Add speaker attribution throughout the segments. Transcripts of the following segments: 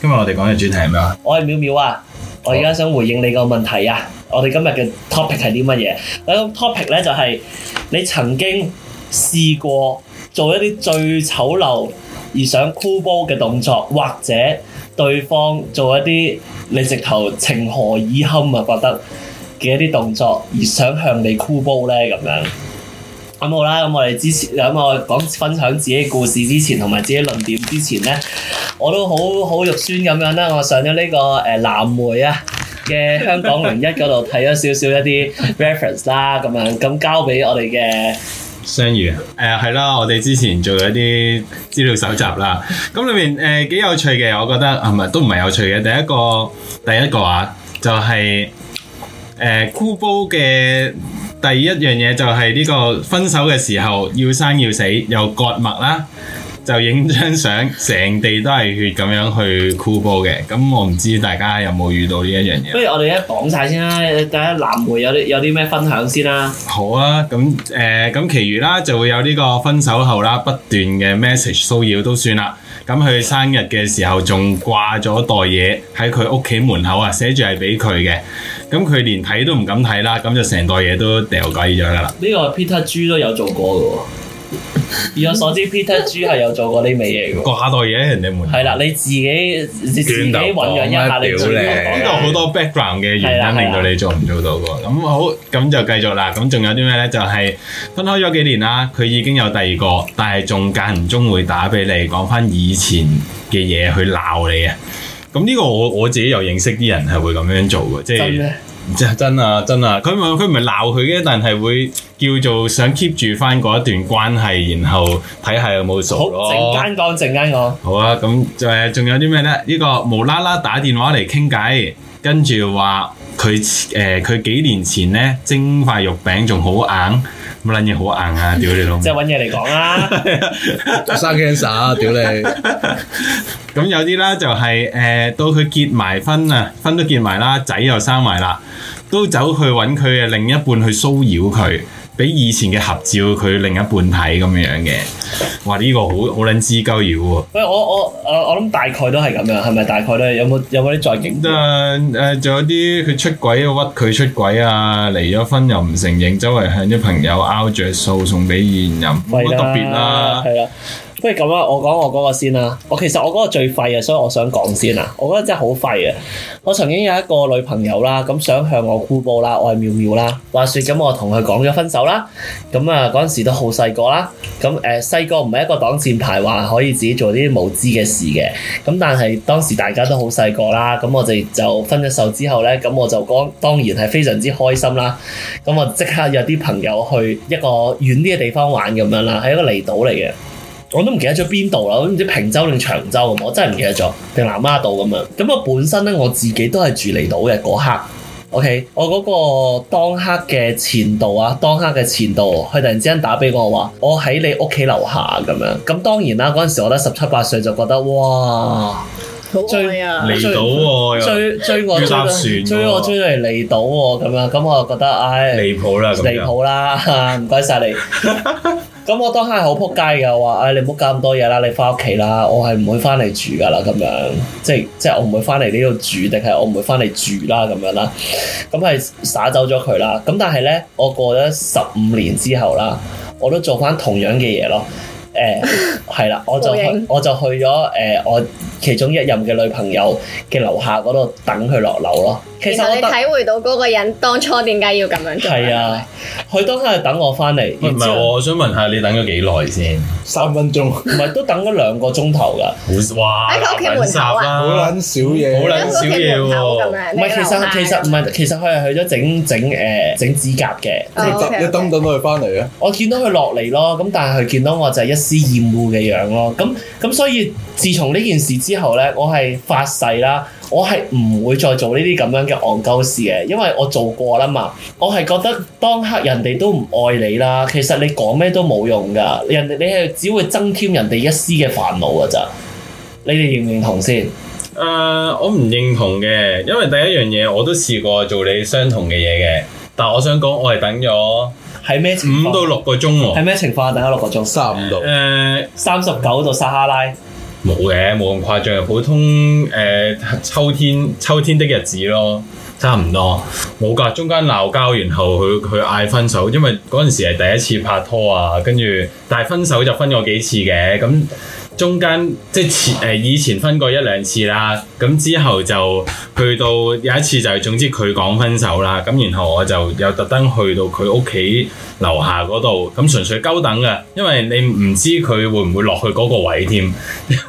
Speaker 1: 今日我哋講嘅主題係咩啊？
Speaker 2: 我係淼淼啊！我而家想回應你個問題啊！好我哋今日嘅 topic 係啲乜嘢？嗱、那個，topic 咧就係、是、你曾經試過做一啲最醜陋而想箍煲嘅動作，或者對方做一啲你直頭情何以堪啊，覺得嘅一啲動作而想向你箍煲咧，咁樣。咁好啦，咁我哋之前，咁我講分享自己故事之前，同埋自己論點之前咧，我都好好肉酸咁樣啦。我上咗呢個誒藍莓啊嘅香港零一嗰度睇咗少少一啲 reference 啦，咁樣咁交俾我哋嘅
Speaker 1: 雙魚誒，係啦，我哋之前做咗啲資料搜集啦，咁裏面誒幾、呃、有趣嘅，我覺得係咪、啊、都唔係有趣嘅？第一個第一個啊，就係誒箍煲嘅。呃第一樣嘢就係呢個分手嘅時候要生要死又割脈啦。就影張相，成地都係血咁樣去箍煲嘅。咁我唔知大家有冇遇到呢一樣嘢。不如我哋一講晒先啦，大家攬會有啲有啲咩分享先啦，啊。好啊，咁誒咁，呃、其餘啦就會有呢個分手後啦，不斷嘅 message 騷擾都算啦。咁佢生日嘅時候仲掛咗袋嘢喺佢屋企門口啊，寫住係俾佢嘅。咁佢連睇都唔敢睇啦，咁就成袋嘢都掉鬼咗啦。呢個 Peter G 都有做過嘅喎。而 我所知
Speaker 2: ，Peter G 係有做過呢味嘢
Speaker 1: 嘅，下代嘅人哋冇。
Speaker 2: 係啦，你自己
Speaker 1: 自己醞釀一下，料理。呢度好多 background 嘅原因令到你做唔做到嘅。咁好，咁就繼續啦。咁仲有啲咩咧？就係、是、分開咗幾年啦，佢已經有第二個，但係仲間唔中會打俾你，講翻以前嘅嘢去鬧你啊。咁呢個我我自己又認識啲人係會咁樣做嘅，即、就、係、是。真啊真啊，佢冇佢唔係鬧佢嘅，但係會叫做想 keep 住翻嗰一段關係，然後睇下有冇熟咯。陣間
Speaker 2: 講，陣間講。
Speaker 1: 好啊，咁就係、是、仲有啲咩咧？呢、這個無啦啦打電話嚟傾偈，跟住話佢誒，佢、呃、幾年前咧蒸塊肉餅仲好硬。乜撚嘢好硬啊！屌你老母，即係揾嘢嚟講啦，生 cancer，屌你！咁有啲啦，就係誒，到佢結埋婚啊，婚都結埋啦，仔又生埋啦，都走去揾佢嘅另一半去騷擾佢。比以前嘅合照，佢另一半睇咁樣嘅，哇！呢、這個好好撚知鳩妖
Speaker 2: 喎。我我我我諗大概都係咁樣，係咪大概都係？有冇有冇啲再勁？誒
Speaker 1: 仲有啲佢、呃呃呃、出軌啊，屈佢出軌啊，離咗婚又唔承認，周圍向啲朋友拗着訴，送俾現任，冇特別啦。係
Speaker 2: 啊。不如咁啦，我講我嗰個先啦。我其實我嗰個最廢啊，所以我想講先啊。我嗰個真係好廢啊。我曾經有一個女朋友啦，咁想向我箍煲啦，愛妙妙啦，話說咁我同佢講咗分手啦。咁啊嗰陣時都好細個啦。咁誒細個唔係一個擋箭牌，話可以自己做啲無知嘅事嘅。咁但係當時大家都好細個啦。咁我哋就分咗手之後咧，咁我就講當然係非常之開心啦。咁我即刻約啲朋友去一個遠啲嘅地方玩咁樣啦，係一個離島嚟嘅。我都唔記得咗邊度啦，我都唔知平洲定長洲咁，我真係唔記得咗，定南丫島咁樣。咁我本身咧，我自己都係住離島嘅，嗰刻，OK，我嗰個當刻嘅前度啊，當刻嘅前度，佢突然之間打俾我話，我喺你屋企樓下咁樣。咁當然啦，嗰陣時我得十七八歲，就覺得哇，好追
Speaker 1: 啊，離島
Speaker 2: 追追我追船，追我追嚟離島喎咁樣。咁我就覺得唉，離譜啦，離譜啦，唔該晒你。 咁我當刻係好仆街嘅，話，唉、哎，你唔好搞咁多嘢啦，你翻屋企啦，我係唔會翻嚟住噶啦，咁樣，即係即係我唔會翻嚟呢度住，定係我唔會翻嚟住啦，咁樣啦，咁係灑走咗佢啦。咁但係咧，我過咗十五年之後啦，我都做翻同樣嘅嘢咯。誒係啦，我就去我就去咗誒、呃、我其中一任嘅女朋友嘅樓下嗰度等佢落樓咯。其實你體
Speaker 3: 會到嗰個人當初點解要咁樣做？係
Speaker 2: 啊，佢當初係等我翻嚟。唔係，我
Speaker 1: 想問下你等咗幾耐先？三分
Speaker 2: 鐘，唔 係都等咗兩個鐘頭㗎。哇！喺屋企門口啊，好少嘢，好少嘢唔係，其實其實唔係，其實佢係去咗整整誒整指甲嘅。你等一等等佢翻嚟啊！我見到佢落嚟咯，咁但係佢見到我就一。之厭惡嘅樣咯，咁咁所以自從呢件事之後呢，我係發誓啦，我係唔會再做呢啲咁樣嘅戇鳩事嘅，因為我做過啦嘛，我係覺得當刻人哋都唔愛你啦，其實你講咩都冇用噶，人哋你係只會增
Speaker 1: 添人哋一絲嘅煩惱噶咋，你哋認唔認同先？誒，uh, 我唔認同嘅，因為第一樣嘢我都試過做你相同嘅嘢嘅，但係我想講，我係等咗。喺咩五到六個鐘喎，啊。喺咩情況？大家六個鐘。三五度。誒、呃，三十九度撒哈拉。冇嘅，冇咁誇張。普通誒、呃、秋天，秋天的日子咯，差唔多。冇噶，中間鬧交，然後佢佢嗌分手，因為嗰陣時係第一次拍拖啊，跟住，但係分手就分咗幾次嘅咁。中間即係前、呃、以前分過一兩次啦，咁之後就去到有一次就總之佢講分手啦，咁然後我就又特登去到佢屋企樓下嗰度，咁純粹鳩等嘅，因為你唔知佢會唔會落去嗰個位添，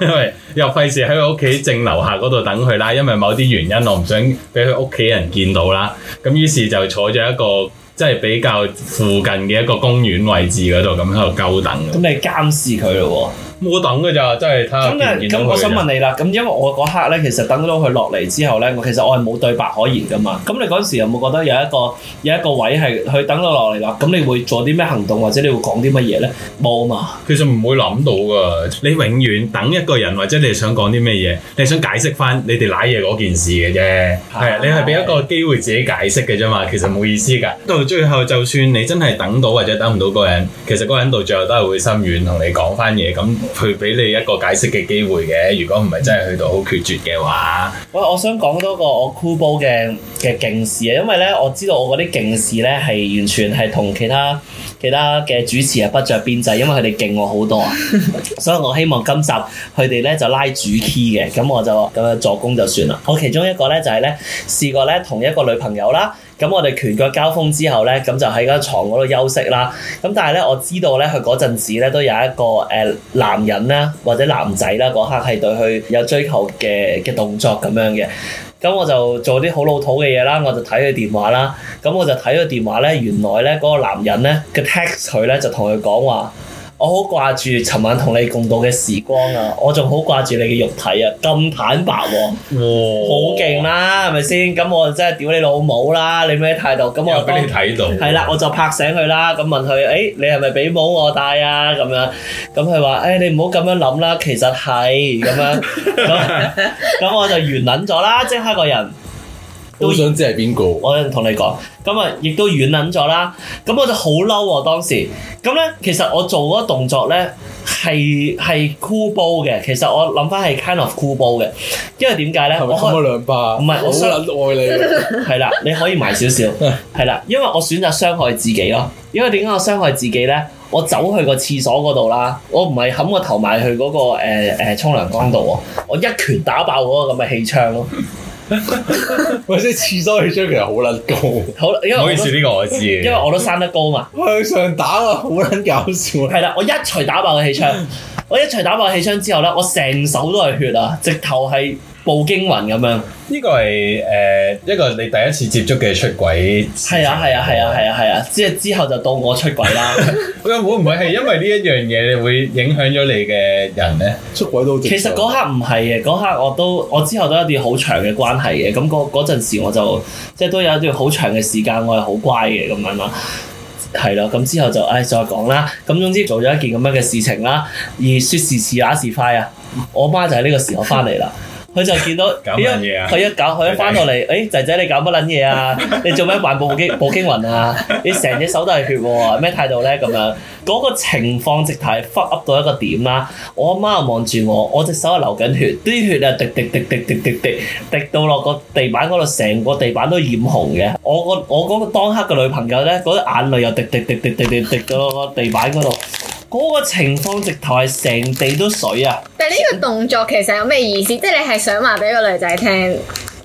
Speaker 1: 因為又費事喺佢屋企正樓下嗰度等佢啦，因為某啲原因我唔想俾佢屋企人見到啦，咁於是就坐咗一個即係比較附近嘅一個公園位置嗰度，咁喺度鳩等。咁你監視佢咯？冇等嘅咋，真係睇下。咁、嗯、我想問你啦，咁因為我嗰刻咧，其實等
Speaker 2: 到佢落嚟之後咧，我其實我係冇對白可言噶嘛。咁你嗰時有冇覺得有一個有一個位係佢
Speaker 1: 等到落嚟啦？咁你會做啲咩行動，或者你會講啲乜嘢咧？冇啊嘛。其實唔會諗到噶，你永遠等一個人，或者你想講啲咩嘢，你想解釋翻你哋瀨嘢嗰件事嘅啫。係啊，你係俾一個機會自己解釋嘅啫嘛。其實冇意思噶。到最後就算你真係等到或者等唔到個人，其實個人到最後都係會心軟同你講翻嘢咁。陪俾你一個解釋嘅機會嘅，如果唔係真係去到好決絕嘅話，
Speaker 2: 喂，我想講多個我酷煲嘅嘅勁事啊，因為咧我知道我嗰啲勁事咧係完全係同其他其他嘅主持啊，不着邊際，因為佢哋勁我好多啊， 所以我希望今集佢哋咧就拉主 key 嘅，咁我就咁樣助攻就算啦。我其中一個咧就係咧試過咧同一個女朋友啦。咁我哋拳腳交鋒之後咧，咁就喺個牀嗰度休息啦。咁但係咧，我知道咧，佢嗰陣時咧都有一個誒男人啦，或者男仔啦，嗰刻係對佢有追求嘅嘅動作咁樣嘅。咁我就做啲好老土嘅嘢啦，我就睇佢電話啦。咁我就睇佢電話咧，原來咧嗰個男人咧嘅 text 佢咧就同佢講話。我好掛住尋晚同你共度嘅時光啊！我仲好掛住你嘅肉體啊！咁坦白，啊，哇，好勁啦，係咪先？咁我就真係屌你老母啦！你咩態度？咁我就俾你睇到。係啦，我就拍醒佢啦。咁問佢：誒、欸，你係咪俾帽我戴啊？咁樣，咁佢話：誒、欸，你唔好咁樣諗啦，其實係咁樣。咁 我就完撚咗啦，即刻個人。都想知係邊個？我同你講，咁啊，亦都軟撚咗啦。咁我就好嬲喎當時。咁咧，其實我做嗰個動作咧係係酷煲嘅。其實我諗翻係 kind of 酷煲嘅，因為點解咧？是是是我冚咗嘅兩巴？唔係，我好撚愛你。係啦， 你可以埋少少。係啦， 因為我選擇傷害自己咯。因為點解我傷害自己咧？我走去個廁所嗰度啦。我唔係冚個頭埋去嗰個誒誒沖涼缸度喎。我一拳打爆嗰個咁嘅氣槍咯。我知廁所氣槍其實好捻高，好，因為唔好意思呢、這個我知，因為我都生得高嘛。向上 打啊，好捻搞笑，係啦，我一錘打爆個氣槍， 我一錘打爆個氣槍之後咧，我成手都係血啊，直頭係。報驚魂咁樣，
Speaker 1: 呢個係誒一個你第一次接觸嘅出軌，係啊係啊係啊係啊係啊！即係、啊啊啊啊啊啊、之後就到我出軌啦。咁會唔會係因為呢一樣嘢會影響咗你
Speaker 2: 嘅人咧？出軌都其實嗰刻唔係嘅，嗰刻我都我之後都有一段好長嘅關係嘅。咁嗰嗰陣時我就即係、就是、都有一段好長嘅時間，我係好乖嘅咁樣咯，係咯、啊。咁之後就誒、哎、再講啦。咁總之做咗一件咁樣嘅事情啦。而説時遲那時快啊！我媽就喺呢個時候翻嚟啦。 佢就見到，佢一佢一搞，佢一翻落嚟，誒，仔仔你搞乜撚嘢啊？你做咩扮步步驚雲啊？你成隻手都係血喎，咩態度咧？咁樣嗰個情況直頭彎 up 到一個點啦。我媽啊望住我，我隻手流緊血，啲血啊滴滴滴滴滴滴滴，滴到落個地板嗰度，成個地板都染紅嘅。我個我嗰個當刻嘅女朋友咧，嗰啲眼淚又滴滴滴滴滴滴滴到落個地板嗰度。嗰個情況直頭係成
Speaker 1: 地都水啊！
Speaker 3: 但係呢個動作其實有咩意思？即係你係想話俾個女仔聽，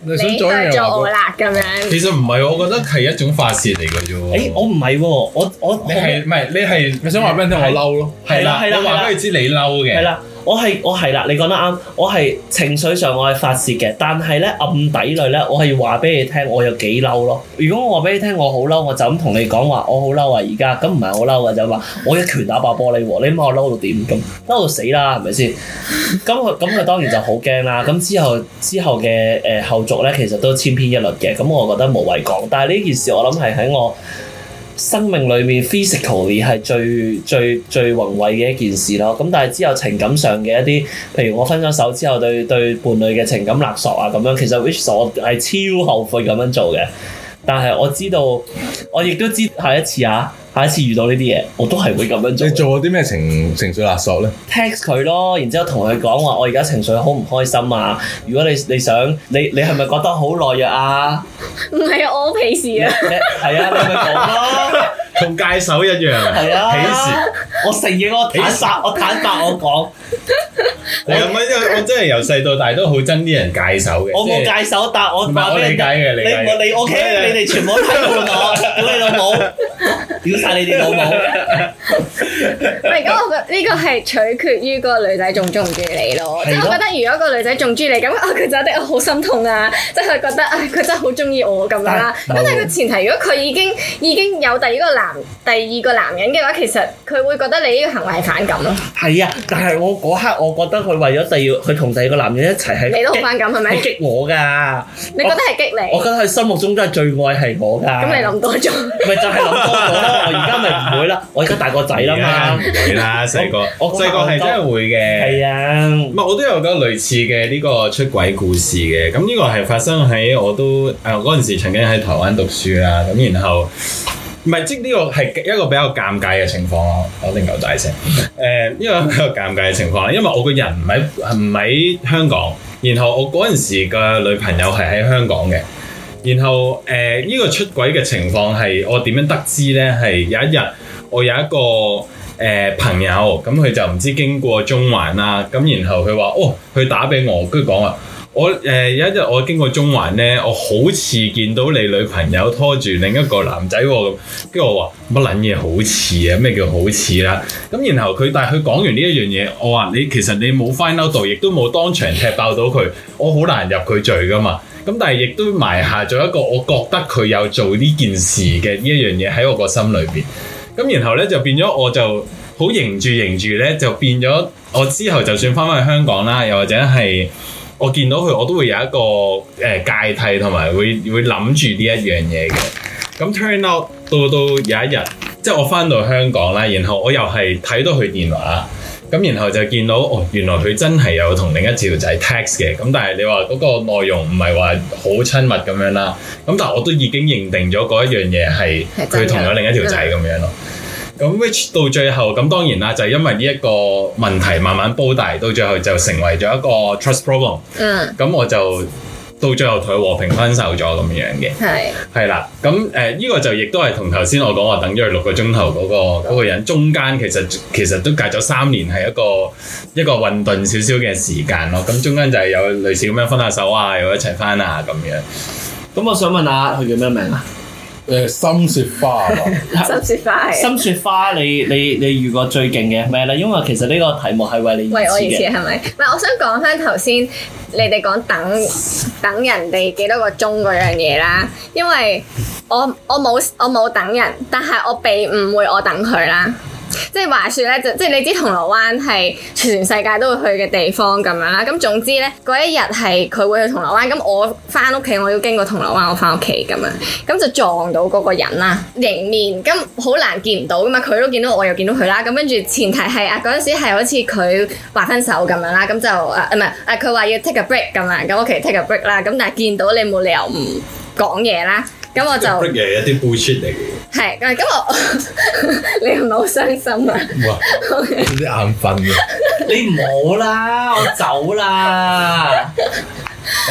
Speaker 3: 你係作惡辣咁樣。其
Speaker 1: 實唔係，我覺得係一種發泄嚟嘅啫。誒、欸，我唔係喎，我我你係唔係？你係你想話俾人聽我嬲咯？係啦，係啦，我話俾佢知你嬲
Speaker 2: 嘅。我係我係啦，你講得啱。我係情緒上我係發泄嘅，但係咧暗底裏咧，我係要話俾你聽，我有幾嬲咯。如果我話俾你聽，我好嬲，我就咁同你講話，我好嬲啊！而家咁唔係好嬲嘅就話，我一拳打爆玻璃喎，你諗我嬲到點？咁嬲到死啦，係咪先？咁佢咁佢當然就好驚啦。咁之後之後嘅誒、呃、後續咧，其實都千篇一律嘅。咁我覺得無謂講。但係呢件事我諗係喺我。生命裏面，physically 係最最最宏偉嘅一件事咯。咁但係之後情感上嘅一啲，譬如我分咗手之後，對對伴侶嘅情感勒索啊，咁樣其實 which 我係超後悔咁樣做嘅。但係我知道，我亦都知下一次啊。下一次遇到呢啲嘢，我都係會咁樣做。你做過啲咩情情緒勒索咧？text 佢咯，然之後同佢講話，我而家情緒好唔開心啊！如果你你想，你你係咪覺得好懦弱啊？
Speaker 3: 唔係我鄙視 啊，係啊，你咪講咯，
Speaker 1: 同戒 手一樣，
Speaker 2: 鄙視、 啊。時我承認我坦白， 我
Speaker 3: 坦白我
Speaker 1: 講。我唔係，我真係由細到大都好憎啲人介手嘅。我冇介
Speaker 2: 手，但係我唔係我理解嘅。你我你我 OK 啊？你哋全部睇唔到屌你老母，屌晒你哋老母。
Speaker 3: 喂，咁我覺呢個係取決於個女仔仲中唔中意你咯。即係我覺得如果個女仔仲中意你咁，啊佢就好心痛啊，即係覺得啊，佢真係好中意我咁樣啦。咁但係個前提，如果佢已經已經有第二個男第二個男人嘅話，其實佢會覺得你呢個行為係反感咯。
Speaker 2: 係啊，但係我。嗰刻我覺得佢為咗第二，佢同第二個男人一齊喺，你都
Speaker 3: 好反感係咪？激，
Speaker 2: 激我㗎，
Speaker 3: 你覺得係激你？我覺得佢
Speaker 2: 心目中真係最愛係我㗎。咁你
Speaker 3: 諗多咗？咪就係諗
Speaker 2: 多咗。而家咪唔會啦，
Speaker 1: 我而家大個仔啦嘛。唔會啦，細個， 我細個係真係會嘅。係啊，唔係我都有個類似嘅呢個出軌故事嘅。咁呢個係發生喺我都誒嗰陣時曾經喺台灣讀書啦。咁然後。唔係，即呢個係一個比較尷尬嘅情況咯，我定夠大聲。誒，呢個係一個尷尬嘅情況，因為我個人唔喺唔喺香港，然後我嗰陣時嘅女朋友係喺香港嘅，然後誒呢個出軌嘅情況係我點樣得知呢？係有一日我有一個誒朋友，咁佢就唔知經過中環啦，咁然後佢話：哦，佢打俾我，佢講話。我誒，有、呃、一日我經過中環呢，我好似見到你女朋友拖住另一個男仔咁、哦，跟住我話乜撚嘢好似啊？咩叫好似啦、啊？咁然後佢，但係佢講完呢一樣嘢，我話你其實你冇 find out，亦都冇當場踢爆到佢，我好難入佢罪㗎嘛。咁但係亦都埋下咗一個，我覺得佢有做呢件事嘅呢一樣嘢喺我個心裏邊。咁然後呢，就變咗，我就好㷫住㷫住呢就變咗我之後就算翻翻去香港啦，又或者係。我見到佢，我都會有一個誒呃、芥蒂同埋會會諗住呢一樣嘢嘅。咁 turn out 到到有一日，即係我返到香港啦，然後我又係睇到佢電話，咁然後就見到哦，原來佢真係有同另一條仔 text 嘅。咁但係你話嗰個內容唔係話好親密咁樣啦。咁但係我都已經認定咗嗰一樣嘢係佢同咗另一條仔咁樣咯。咁 which 到最後，咁當然啦，就因為呢一個問題慢慢煲大，到最後就成為咗一個 trust problem。嗯。咁我就到最後同佢和平分手咗咁樣嘅。係。係啦，咁誒呢個就亦都係同頭先我講話等咗佢六個鐘頭嗰個嗰個人，中間其實其實都隔咗三年，係一個一個混沌少少嘅時間咯。咁中間就係有類似咁樣分下手啊，又一齊返啊咁樣。咁我想問下佢叫咩名啊？誒，深
Speaker 3: 雪花深
Speaker 2: 雪花係，深雪花你 你你，你遇過最勁嘅咩咧？因為其實呢個題目係為你而設嘅，我而設，係
Speaker 3: 咪？唔係。我想講翻頭先，你哋講等等人哋幾多個鐘嗰樣嘢啦，因為我我冇我冇等人，但係我被誤會我等佢啦。即係話説咧，就即係你知銅鑼灣係全世界都會去嘅地方咁樣啦。咁總之咧，嗰一日係佢會去銅鑼灣，咁我翻屋企我要經過銅鑼灣，我翻屋企咁樣，咁就撞到嗰個人啦，迎面咁好難見唔到噶嘛。佢都見到我，我又見到佢啦。咁跟住前提係啊，嗰陣時係好似佢話分手咁樣啦，咁就誒唔係誒佢話要 take a break 咁啊，咁屋企 take a break 啦。咁但係見到你冇理由唔講嘢啦。咁我就，係，
Speaker 1: 咁我， 你唔好傷
Speaker 3: 心啊，哇，Okay. 有啲眼
Speaker 1: 瞓嘅， 你
Speaker 2: 唔好啦，我走啦。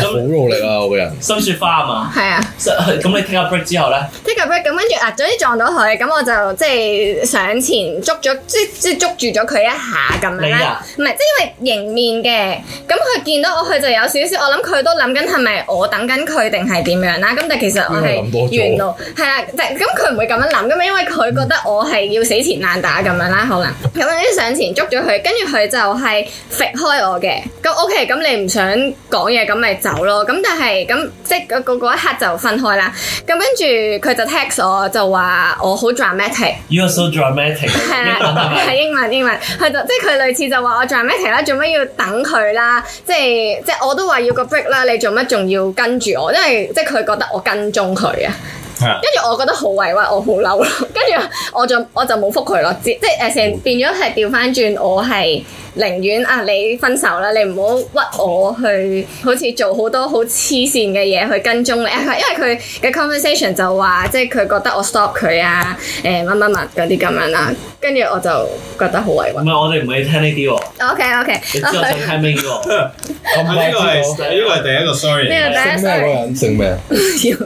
Speaker 2: 好努、嗯、力啊！我個人，深雪花啊嘛，係啊，咁、 嗯、你 take a break 之後咧
Speaker 3: take a break 咁跟住啊，總之撞到佢，咁我就即係上前捉咗，即即捉住咗佢一下咁樣啦，唔係、啊、即因為迎面嘅，咁佢見到我，佢就有少少，我諗佢都諗緊係咪我等緊佢定係點樣啦？咁但其實我係沿路係啦，即咁佢唔會咁樣諗，咁因為佢覺得我係要死纏爛打咁樣啦，可能咁樣啲上前捉咗佢，跟住佢就係甩開我嘅，咁 OK，咁你唔想講嘢咁咪有咯，咁但係咁即係一刻就分開啦。咁跟住佢就 text 我就話我好 dramatic。
Speaker 2: You are so dramatic。係啦，係
Speaker 3: 英文英文。佢 就即係佢類似就話我 dramatic 啦，做乜要等佢啦？即係即係我都話要個 break 啦，你做乜仲要跟住我？因為即係佢覺得我跟蹤佢啊。跟住我覺得好委屈，我好嬲咯。跟住我就我就冇覆佢咯，即係誒成變咗係掉返轉，我係寧願啊你分手啦，你唔好屈我去，好似做好多好黐線嘅嘢去跟蹤你。因為佢嘅 conversation 就話，即係佢覺得我 stop 佢啊，誒乜乜乜嗰啲咁樣啦。跟住我就覺得好委屈。
Speaker 2: 唔係，我哋唔係聽呢啲喎。
Speaker 3: OK OK。你知我想聽
Speaker 1: 邊個？同埋呢個係呢個係第一個。Sorry。呢個第一個人姓咩？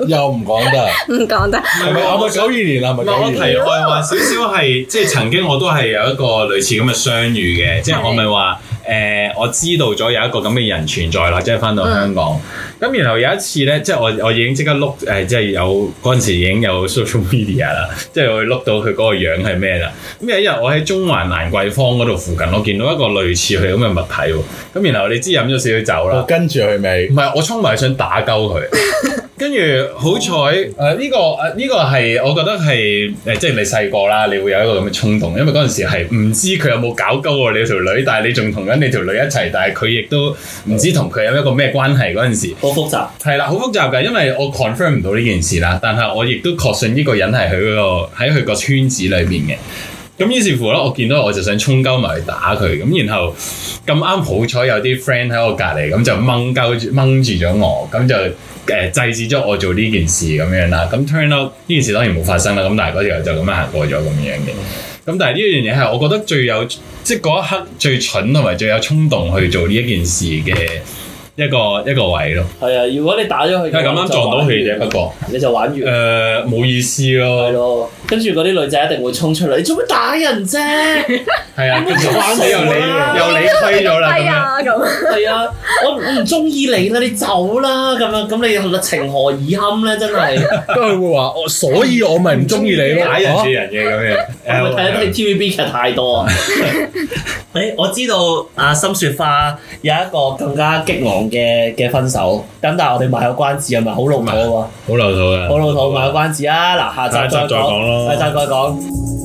Speaker 1: 又唔講得。唔
Speaker 3: 講得。唔係我咪
Speaker 1: 九二年啊，咪講得題外話，少少係，即係曾經我都係有一個類似咁嘅相遇嘅，即係我咪話。誒、呃、我知道咗有一個咁嘅人存在啦，即係翻到香港。咁、嗯、然後有一次咧，即係我我已經即刻碌，呃即係有嗰陣時已經有 social media 啦，即係我會碌到佢嗰個樣係咩啦。咁有一日我喺中環蘭桂坊嗰度附近，我見到一個類似佢咁嘅物體喎。咁然後你知飲咗少少酒啦，我跟住佢未？唔係我衝埋想打鳩佢。 跟住好彩，誒、呃、呢、呢個誒呢、呃呢個係我覺得係誒，即係你細個啦，你會有一個咁嘅衝動，因為嗰陣時係唔知佢有冇搞鳩你條女，但係你仲同緊你條女一齊，但係佢亦都唔知同佢有一個咩關係嗰陣時，好複雜，係啦，好複雜嘅，因為我 confirm 唔到呢件事啦，但係我亦都確信呢個人係喺、嗰個喺佢個圈子裏面嘅。咁於是乎咧，我見到我就想衝鳩埋打佢，咁然後咁啱好彩有啲 friend 喺我隔離，咁就掹鳩住掹住咗我，咁就誒、呃、制止咗我做呢件事咁樣啦。咁 turn out 呢件事當然冇發生啦，咁但係嗰時就咁樣行過咗咁樣嘅。咁但係呢樣嘢係我覺得最有即係嗰一刻最蠢同埋最有衝動去做呢一件事嘅。一個一個位咯，係啊！如果你打咗佢，咁撞到佢就不過，你就玩完。誒，冇意思咯。係咯。跟住嗰啲女
Speaker 2: 仔一定會衝出嚟，你做乜打人啫？係啊，玩你又你，又你飛咗啦咁樣。係啊，我我唔中意你啦，你走啦咁樣。咁你係咪情何以堪咧？真係。不過佢會話，我所以，我咪唔中意你咯。打人嘅人嘅咁樣。我咪睇到你 TVB 劇太多。誒、欸，我知道阿深、啊、雪花有一個更加激昂嘅嘅分手，咁但係我哋賣個關子，係咪好老土喎？好老土，嘅，好老土賣個關子的啊！嗱，下集再講，下集再講。
Speaker 3: 的